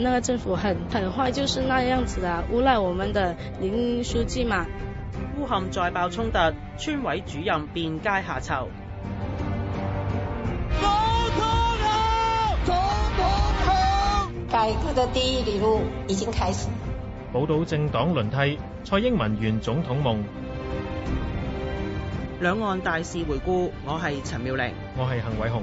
那個政府很很壞，就是那樣子啦，誣賴我們的林書記嘛。烏坎再爆衝突，村委主任變階下囚。總統，統，總統，統，改革的第一哩路已經開始。寶島政黨輪替，蔡英文圓總統夢。兩岸大事回顧，我係陳妙玲，我係幸偉雄。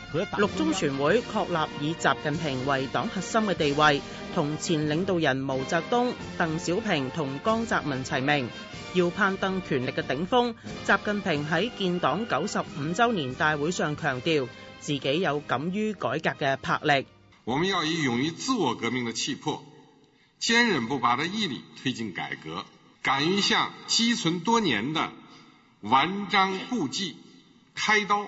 六中全會確立以習近平為黨核心嘅地位，同前領導人毛澤東、鄧小平同江澤民齊名，要攀登權力嘅頂峰。習近平喺建黨九十五周年大會上強調，自己有敢於改革嘅魄力。我們要以勇於自我革命嘅氣魄，堅韌不拔嘅毅力推進改革，敢於向積存多年的頑瘴痼疾開刀。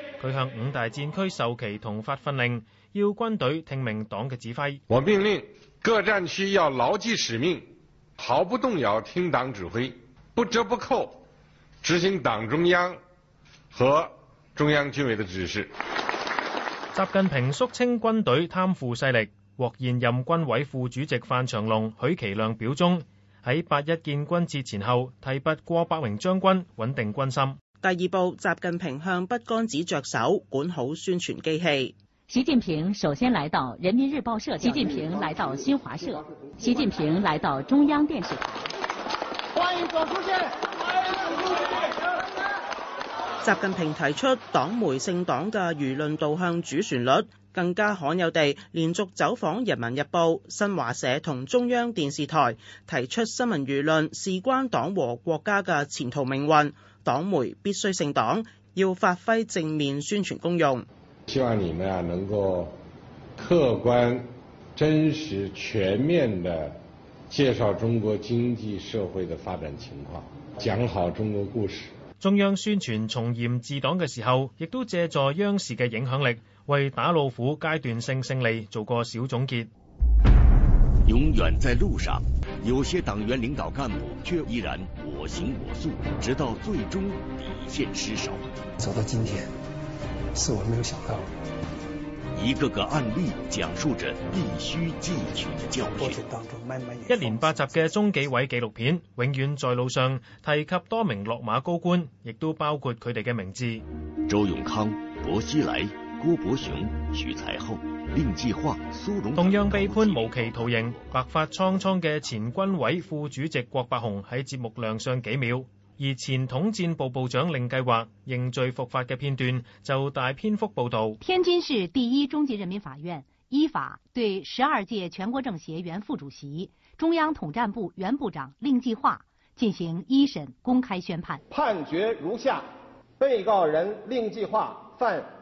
佢向五大戰區授旗同發訓令，要軍隊聽命黨嘅指揮。我命令各戰區要牢記使命，毫不動搖聽黨指揮，不折不扣執行黨中央和中央軍委的指示。習近平肅清軍隊貪腐勢力，獲現任軍委副主席范長龍、許其亮表忠，喺八一建軍節前後，提拔過百名將軍，穩定軍心。第二步，習近平亦不單止着手管好宣傳機器。習近平首先來到人民日報社，習近平來到新華社，習近平來到中央電視台。歡迎總書記！歡迎總書記！習近平提出黨媒姓黨嘅輿論導向主旋律，更加罕有地連續走訪人民日報、新華社同中央電視台，提出新聞輿論事關黨和國家嘅前途命運。黨媒必須姓黨，要發揮正面宣傳功用。希望你們啊能夠客觀、真實、全面的介紹中國經濟社會的發展情況，講好中國故事。中央宣傳從嚴治黨嘅時候，亦都借助央視嘅影響力，為打老虎階段性勝利做個小總結。永遠在路上。有些黨員領導幹部卻依然我行我素，直到最終底線失守。走到今天，是我沒有想到。一個個案例講述着必須汲取的教訓。一連八集嘅中紀委紀錄片《永遠在路上》，提及多名落馬高官，亦都包括佢哋嘅名字：周永康、薄熙來。郭伯雄、徐才厚、令計劃、蘇榮同樣被判無期徒刑。白髮蒼蒼嘅前軍委副主席郭伯雄喺節目亮相幾秒，而前統戰部部長令計劃認罪伏法嘅片段就大篇幅報道。天津市第一中級人民法院依法對十二屆全國政協原副主席、中央統戰部原部長令計劃進行一審公開宣判。判決如下：被告人令計劃犯。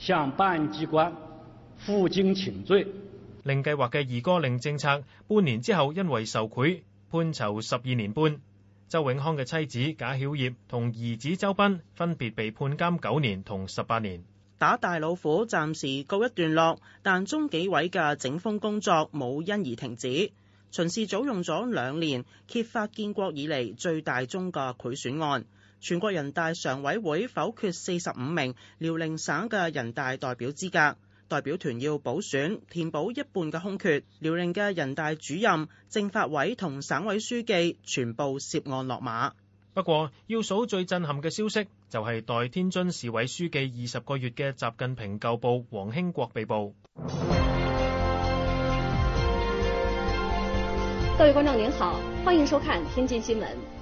向辦案機關負荊請罪。令計劃嘅二哥令政策半年之後因為受賄判囚十二年半。周永康嘅妻子賈曉葉同兒子周斌分別被判監九年同十八年。打大老虎暫時告一段落，但中紀委嘅整風工作冇因而停止。巡視組用咗兩年揭發建國以嚟最大宗嘅賄選案。全國人大常委會否決四十五名遼寧省嘅人大代表資格，代表團要補選填補一半嘅空缺。遼寧嘅人大主任、政法委同省委書記全部涉案落馬。不過，要數最震撼嘅消息，就係、是、代天津市委書記二十個月嘅習近平舊部黃興國被捕。各位觀眾您好，歡迎收看天津新聞。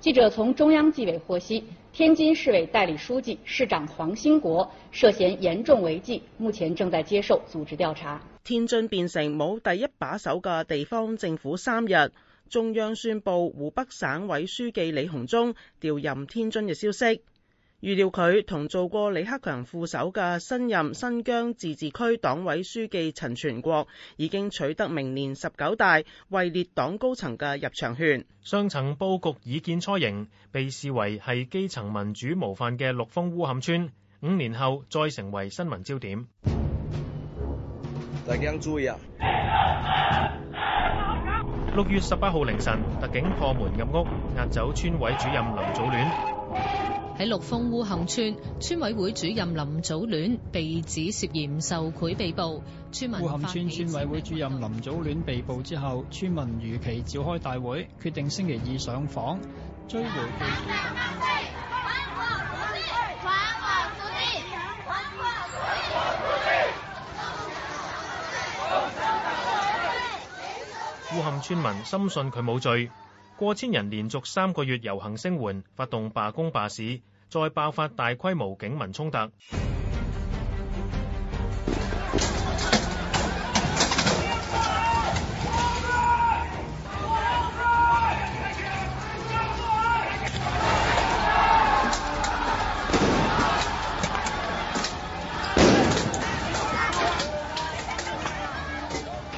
記者從中央紀委獲悉，天津市委代理書記、市長黃興國涉嫌嚴重違紀，目前正在接受組織調查。天津變成冇第一把手嘅地方政府三日，中央宣布湖北省委書記李鴻忠調任天津嘅消息。預料佢同做過李克強副手嘅新任新疆自治區黨委書記陳全國，已經取得明年十九大位列黨高層嘅入場券。雙層布局已見雛形，被視為係基層民主模範嘅陸豐烏坎村，五年後再成為新聞焦點。大家注意啊！六月十八號凌晨，特警破門入屋，押走村委主任林祖戀。喺陸豐烏坎村，村委會主任林祖戀被指涉嫌受賄被捕，村民發現烏坎村村委會主任林祖戀被捕之後，村民如期召開大會，決定星期二上訪追回其款。烏坎村民深信佢冇罪。過千人連續三個月遊行聲援，發動罷工罷市，再爆發大規模警民衝突。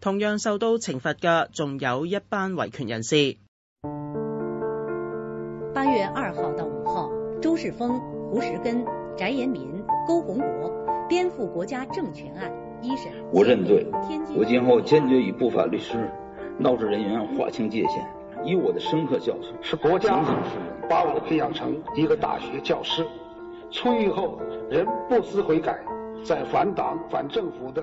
同樣受到懲罰的，仲有一班維權人士。八月二號到五號，周世鋒、胡石根、翟岩民、勾洪國顛覆國家政權案一審。我認罪，我今後堅決與不法律師、鬧事人員劃清界限。以我的深刻教訓，是國家、啊、把我培養成一個大學教師，出獄後仍不思悔改，在反黨反政府的。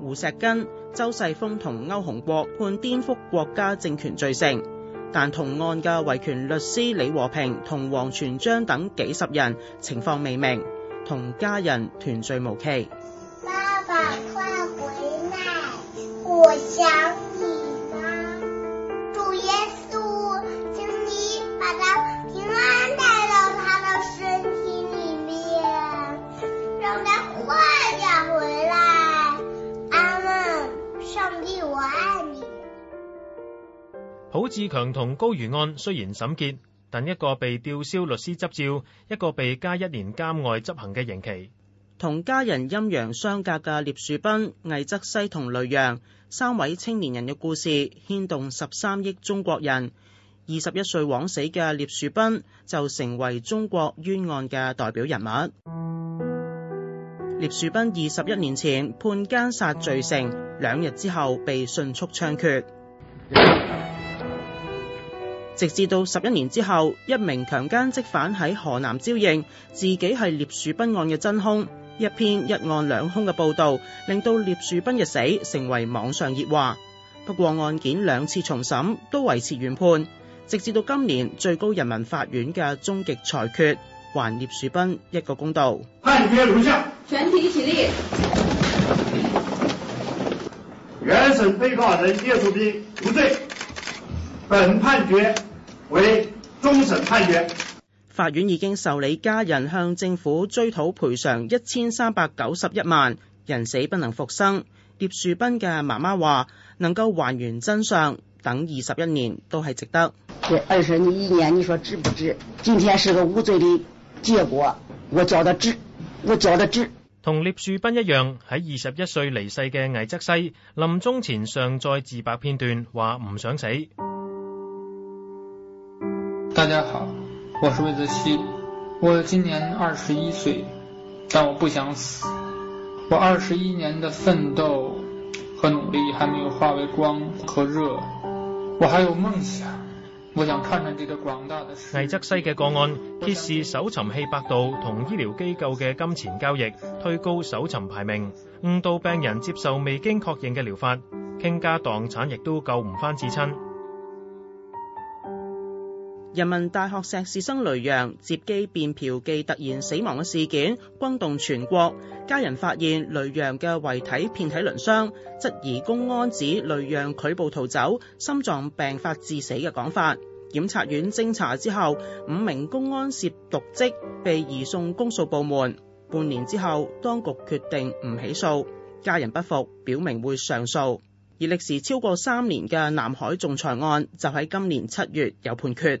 胡石根、周世鋒同歐洪國判顛覆國家政權罪成，但同案嘅維權律師李和平同王全章等幾十人情況未明，同家人團聚無期。伍志強同高如安雖然審結，但一個被吊銷律師執照，一個被加一年監外執行嘅刑期。同家人陰陽相隔嘅聶樹斌、魏則西同雷洋三位青年人嘅故事牽動十三億中國人。二十一歲枉死嘅聶樹斌就成為中國冤案嘅代表人物。聶樹斌二十一年前判姦殺罪成，兩日之後被迅速槍決。Yeah. 直至到十一年之後，一名強姦職犯喺河南招認自己係聶樹斌案嘅真兇，一篇一案兩兇嘅報導，令到聶樹斌嘅死成為網上熱話。不過案件兩次重審都維持原判，直至到今年最高人民法院嘅終極裁決，還聶樹斌一個公道。判決如下，全體起立。原審被告人聶樹斌無罪。本判決為終審判決。法院已經受理家人向政府追討賠償一千三百九十一萬。人死不能復生，聶樹斌嘅媽媽話：能夠還原真相，等二十一年都係值得。二十一年，你說值不值？今天是個無罪的結果，我覺得值，我覺得值。同聶樹斌一樣，喺二十一歲離世嘅魏則西，臨終前尚在自白片段話唔想死。大家好，我是魏則西。我今年二十一歲，但我不想死。我二十一年的奮鬥和努力還沒有化為光和熱，我還有夢想。我想看看這個廣大的世界。魏則西嘅個案揭示，搜尋器百度同醫療機構嘅金錢交易，推高搜尋排名，誤導病人接受未經確認嘅療法，傾家蕩產亦都救唔翻至親。人民大學碩士生雷洋接機便嫖妓，突然死亡嘅事件轟動全國，家人發現雷洋嘅遺體遍體鱗傷，質疑公安指雷洋拒捕逃走、心臟病發致死嘅講法。檢察院偵查之後，五名公安涉瀆職被移送公訴部門，半年之後，當局決定唔起訴，家人不服，表明會上訴。而歷時超過三年嘅南海仲裁案就喺今年七月有判決。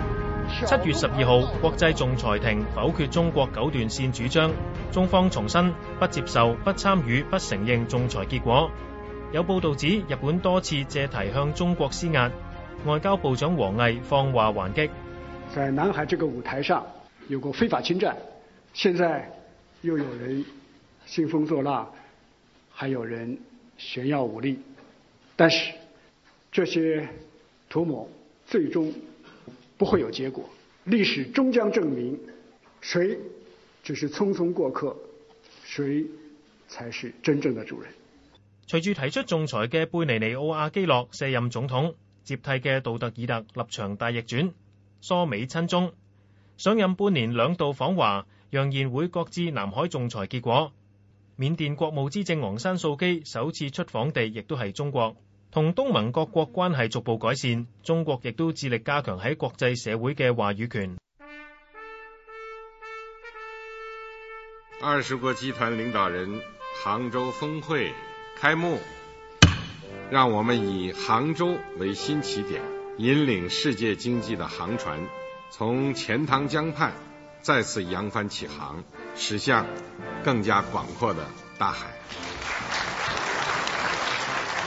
七月十二號，國際仲裁庭否決中國九段線主張，中方重申不接受、不參與、不承認仲裁結果。有報道指日本多次借題向中國施壓，外交部長王毅放話還擊。在南海這個舞台上，有過非法侵佔，現在又有人興風作浪，還有人炫耀武力，但是這些圖謀最終。不會有結果，歷史終將證明，誰只是匆匆過客，誰才是真正的主人。隨住提出仲裁嘅貝尼尼奧阿基諾卸任總統，接替嘅杜特爾特立場大逆轉，疏美親中，上任半年兩度訪華，揚言會擱置南海仲裁結果。緬甸國務資政昂山素姬首次出訪地亦都係中國。同東盟各國關係逐步改善，中國亦都致力加強喺國際社會嘅話語權。二十國集團領導人杭州峰會開幕，讓我們以杭州為新起點，引領世界經濟的航船從錢塘江畔再次揚帆起航，駛向更加廣闊的大海。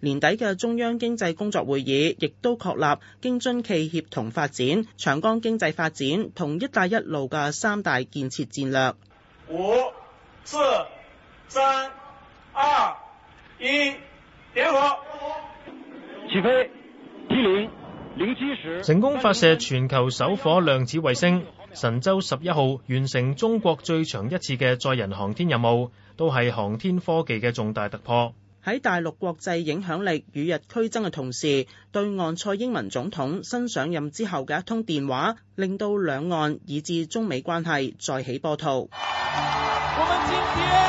年底嘅中央經濟工作會議亦都確立京津冀協同發展、長江經濟發展同一帶一路嘅三大建設戰略。五、四、三、二、一，點火！起飛！零零七時，成功發射全球首顆量子衛星神舟十一號，完成中國最長一次嘅載人航天任務，都係航天科技嘅重大突破。喺大陸國際影響力與日俱增嘅同時，對岸蔡英文總統新上任之後嘅一通電話，令到兩岸以至中美關係再起波濤。我們今天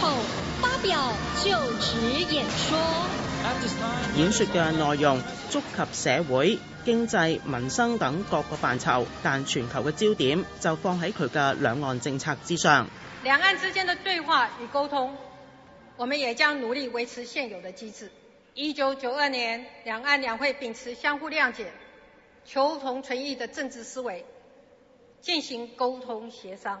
後發表就職演說，演說嘅內容觸及社會、經濟、民生等各個範疇，但全球嘅焦點就放喺佢嘅兩岸政策之上。兩岸之間的對話與溝通，我們也將努力維持現有的機制。一九九二年，兩岸兩會秉持相互諒解、求同存異的政治思維，進行溝通協商。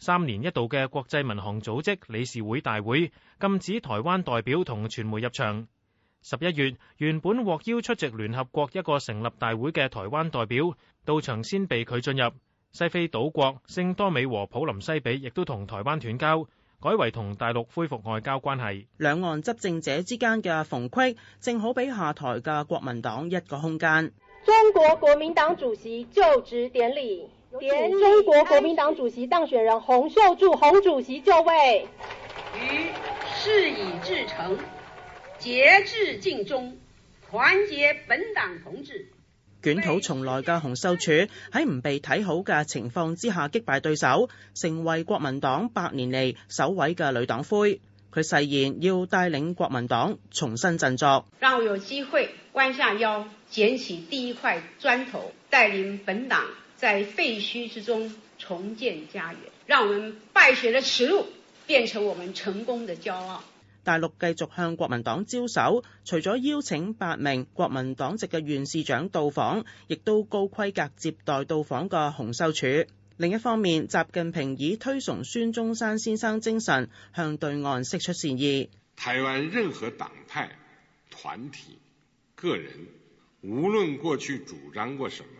三年一度嘅國際民航組織理事會大會禁止台灣代表同傳媒入場。十一月，原本獲邀出席聯合國一個成立大會嘅台灣代表，到場先被拒進入。西非島國聖多美和普林西比亦都同台灣斷交，改為同大陸恢復外交關係。兩岸執政者之間嘅分歧，正好俾下台嘅國民黨一個空間。中國國民黨主席就職典禮。連中國國民黨主席當選人洪秀柱，洪主席就位。於事已至成，竭智盡忠，團結本黨同志。捲土重來嘅洪秀柱喺唔被睇好嘅情況之下擊敗對手，成為國民黨百年嚟首位嘅女黨魁。佢誓言要帶領國民黨重新振作。讓我有機會彎下腰撿起第一塊磚頭，帶領本黨。在廢墟之中重建家園，讓我們敗選的恥辱變成我們成功的驕傲。大陸繼續向國民黨招手，除咗邀請八名國民黨籍嘅縣市長到訪，亦都高規格接待到訪嘅洪秀柱。另一方面，習近平以推崇孫中山先生精神，向對岸釋出善意。台灣任何黨派、團體、個人，無論過去主張過什麼。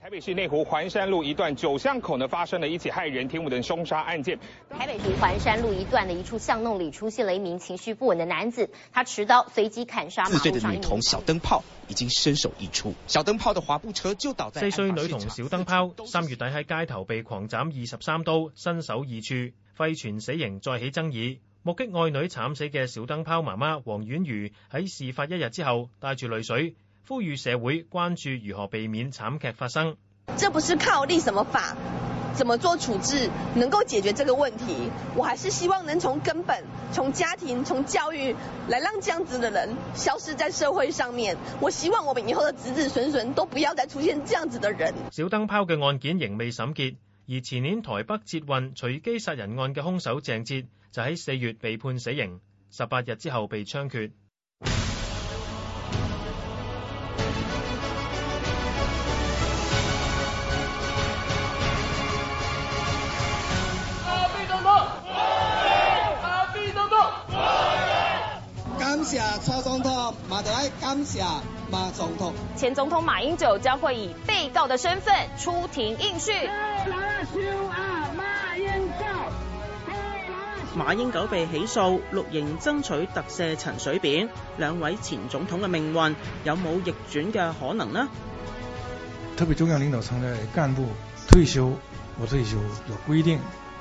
台北市內湖環山路一段九巷口呢，發生了一起駭人聽聞的兇殺案件。台北市環山路一段的一處巷弄裏，出現了一名情緒不穩的男子，他持刀隨即砍殺。四歲的女童小燈泡已經身首異處。小燈泡的滑步車就倒在。四歲女童小燈泡，三月底喺街頭被狂斬二十三刀，身首異處，廢傳死刑再起爭議。目擊愛女慘死嘅小燈泡媽媽黃婉瑜喺事發一日之後，帶住淚水。呼籲社會關注如何避免慘劇發生。這不是靠立什麼法，怎麼做處置能夠解決這個問題？我還是希望能從根本、從家庭、從教育，來讓這樣子的人消失在社會上面。我希望我們以後的子子孫孫都不要再出現這樣子的人。小燈泡嘅案件仍未審結，而前年台北捷運隨機殺人案嘅兇手鄭捷就喺四月被判死刑，十八日之後被槍決。前總統馬英九將會以被告的身份出庭應訊。馬英九被起訴，藍營爭取特赦陳水扁，兩位前總統嘅命運有冇逆轉嘅可能呢？特別中央領導層嘅幹部退休，我退休有規定。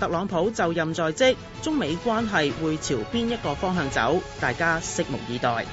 特朗普就任在即，中美關係會朝邊一個方向走？大家拭目以待。